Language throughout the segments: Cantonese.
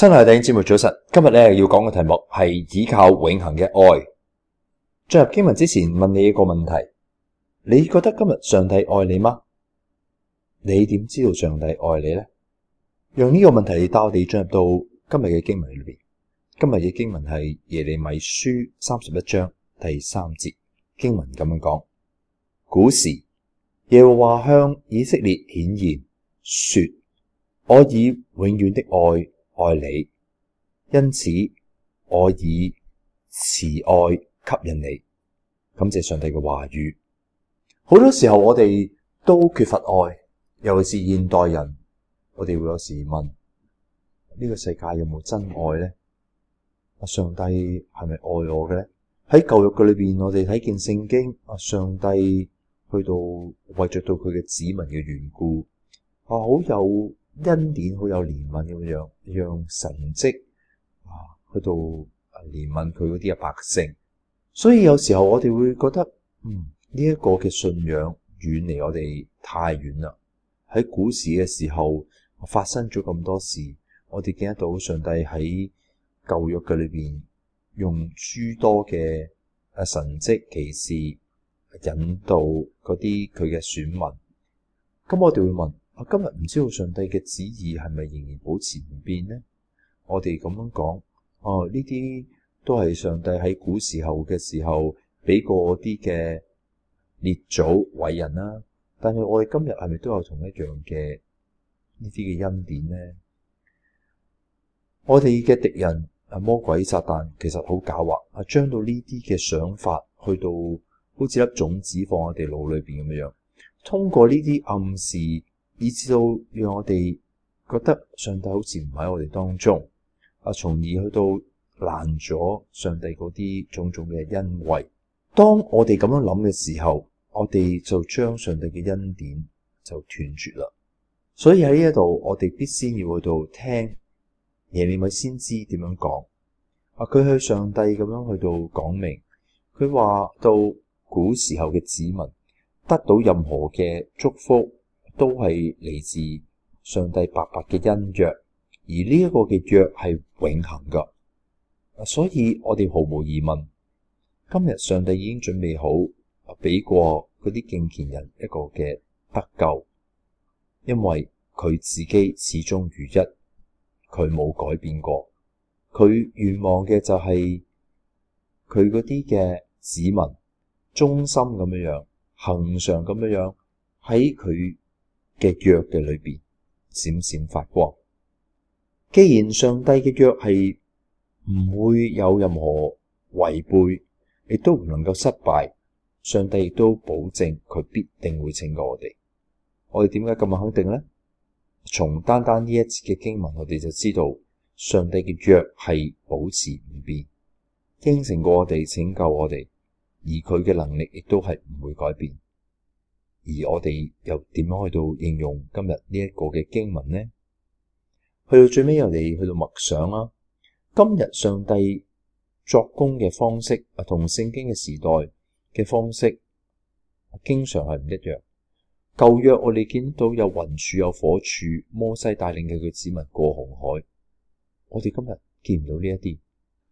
親愛弟兄姊妹，早晨。今日咧要講嘅題目係依靠永恆嘅愛。進入經文之前，問你一個問題：你覺得今日上帝愛你嗎？你點知道上帝愛你呢？用呢個問題帶我哋進入到今日嘅經文裏邊。今日嘅經文係耶利米書三十一章第三節經文咁樣講：古時耶和華向以色列顯現，說，我以永遠的愛。愛你，因此我以慈愛吸引你。感謝上帝嘅話語，好多時候我哋都缺乏愛，尤其是現代人，我哋會有時問：呢個世界有冇真愛咧？啊，上帝係咪愛我嘅咧？喺舊約嘅裏邊，我哋睇見聖經，啊，上帝去到為着到佢嘅子民嘅緣故，啊，好有。恩典好有憐憫咁樣，讓神蹟啊去到憐憫佢嗰啲嘅百姓，所以有時候我哋會覺得，嗯呢一、這個嘅信仰遠離我哋太遠啦。喺古時嘅時候發生咗咁多事，我哋見得到上帝喺舊約嘅裏邊用諸多嘅啊神蹟奇事引導嗰啲佢嘅選民，咁我哋會問。今日唔知道上帝嘅旨意係咪仍然保持唔變呢？我哋咁樣講，哦呢啲都係上帝喺古時候嘅時候俾過啲嘅列祖偉人啦，啊。但係我哋今日係咪都有同一樣嘅呢啲嘅恩典呢？我哋嘅敵人啊，魔鬼撒旦其實好狡猾，啊將到呢啲嘅想法去到好似粒種子放我哋腦裏邊咁樣，通過呢啲暗示。以至到讓我哋覺得上帝好似唔喺我哋當中啊，從而去到攔咗上帝嗰啲種種嘅恩惠。當我哋咁樣諗嘅時候，我哋就將上帝嘅恩典就斷絕啦。所以喺呢一度，我哋必先要去到聽耶利米先知點樣講啊，佢去上帝咁樣去到講明，佢話到古時候嘅子民得到任何嘅祝福，都係嚟自上帝白白嘅恩約，而呢一個嘅約係永恆㗎，所以我哋毫無疑問，今日上帝已經準備好俾過嗰啲敬虔人一個嘅得救，因為佢自己始終如一，佢冇改變過，佢願望嘅就係佢嗰啲嘅子民忠心咁樣樣，恆常咁樣樣喺佢嘅約嘅裏邊閃閃發光。既然上帝嘅約係唔會有任何違背，亦都唔能夠失敗，上帝亦都保證佢必定會拯救我哋。我哋點解咁肯定呢？從單單呢一節嘅經文，我哋就知道上帝嘅約係保持唔變，應承過我哋拯救我哋，而佢嘅能力亦都係唔會改變。而我哋又點樣去到應用今日呢一個嘅經文呢？去到最尾，我哋去到默想啦。今日上帝作工嘅方式，同聖經嘅時代嘅方式，經常係唔一樣。舊約我哋見到有雲柱、有火柱，摩西帶領佢嘅子民過紅海。我哋今日見唔到呢一啲，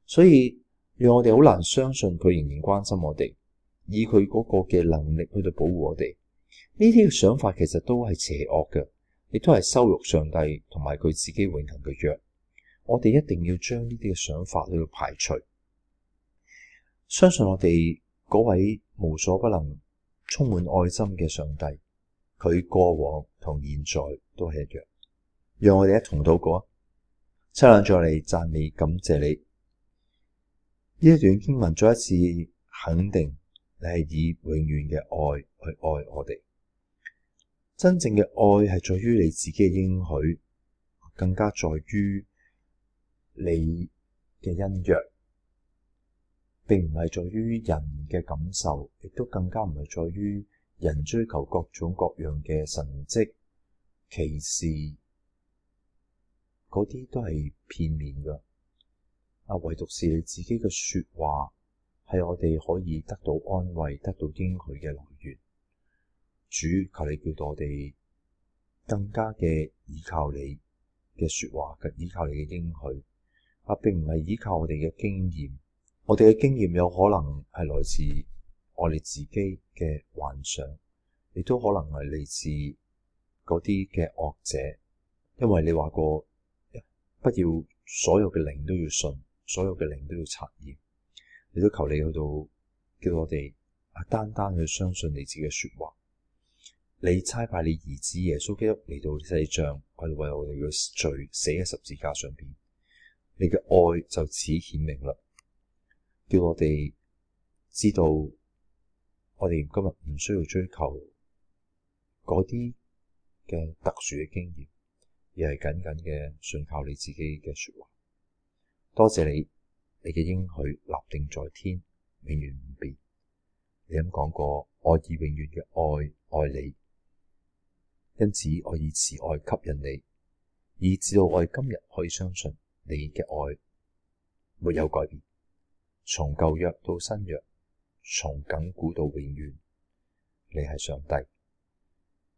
所以讓我哋好難相信佢仍然關心我哋，以佢嗰個嘅能力去到保護我哋。呢啲嘅想法其實都係邪惡嘅，亦都係羞辱上帝同埋佢自己永恆嘅約。我哋一定要將呢啲嘅想法呢個排除。相信我哋嗰位無所不能、充滿愛心嘅上帝，佢過往同現在都係一樣。讓我哋一同禱告啊，親臨在嚟讚你，感謝你呢一段經文，再一次肯定你係以永遠嘅愛。去愛我哋，真正嘅愛係在於你自己嘅應許，更加在於你嘅恩約，並唔係在於人嘅感受，亦都更加唔係在於人追求各種各樣嘅神蹟、奇事，嗰啲都係片面㗎。啊，唯獨是你自己嘅說話，係我哋可以得到安慰、得到應許嘅來源。主，求你叫到我哋更加嘅依靠你嘅說話，嘅依靠你嘅應許啊，並唔係依靠我哋嘅經驗。我哋嘅經驗有可能係來自我哋自己嘅幻想，亦都可能係嚟自嗰啲嘅惡者。因為你話過不要所有嘅靈都要信，所有嘅靈都要查驗。你都求你去到叫我哋啊，單單去相信你自己嘅說話。你差派你兒子耶穌基督嚟到世上，為我哋嘅罪死喺十字架上邊。你嘅愛就此顯明啦，叫我哋知道我哋今日唔需要追求嗰啲嘅特殊嘅經驗，而係緊緊嘅信靠你自己嘅說話。多謝你，你嘅應許立定在天，永遠唔變。你咁講過，我以永遠嘅愛愛你。因此，我以慈愛吸引你，以至到我今日可以相信你嘅愛沒有改變，從舊約到新約，從緊古到永遠，你係上帝。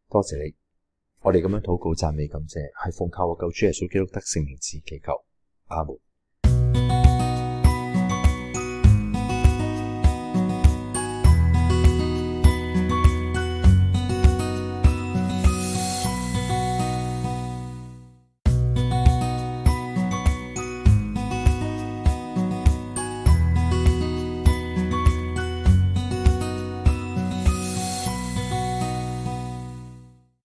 多謝你，我哋咁樣禱告讚美感謝，係奉靠我救主耶穌基督得勝名字祈求，阿門。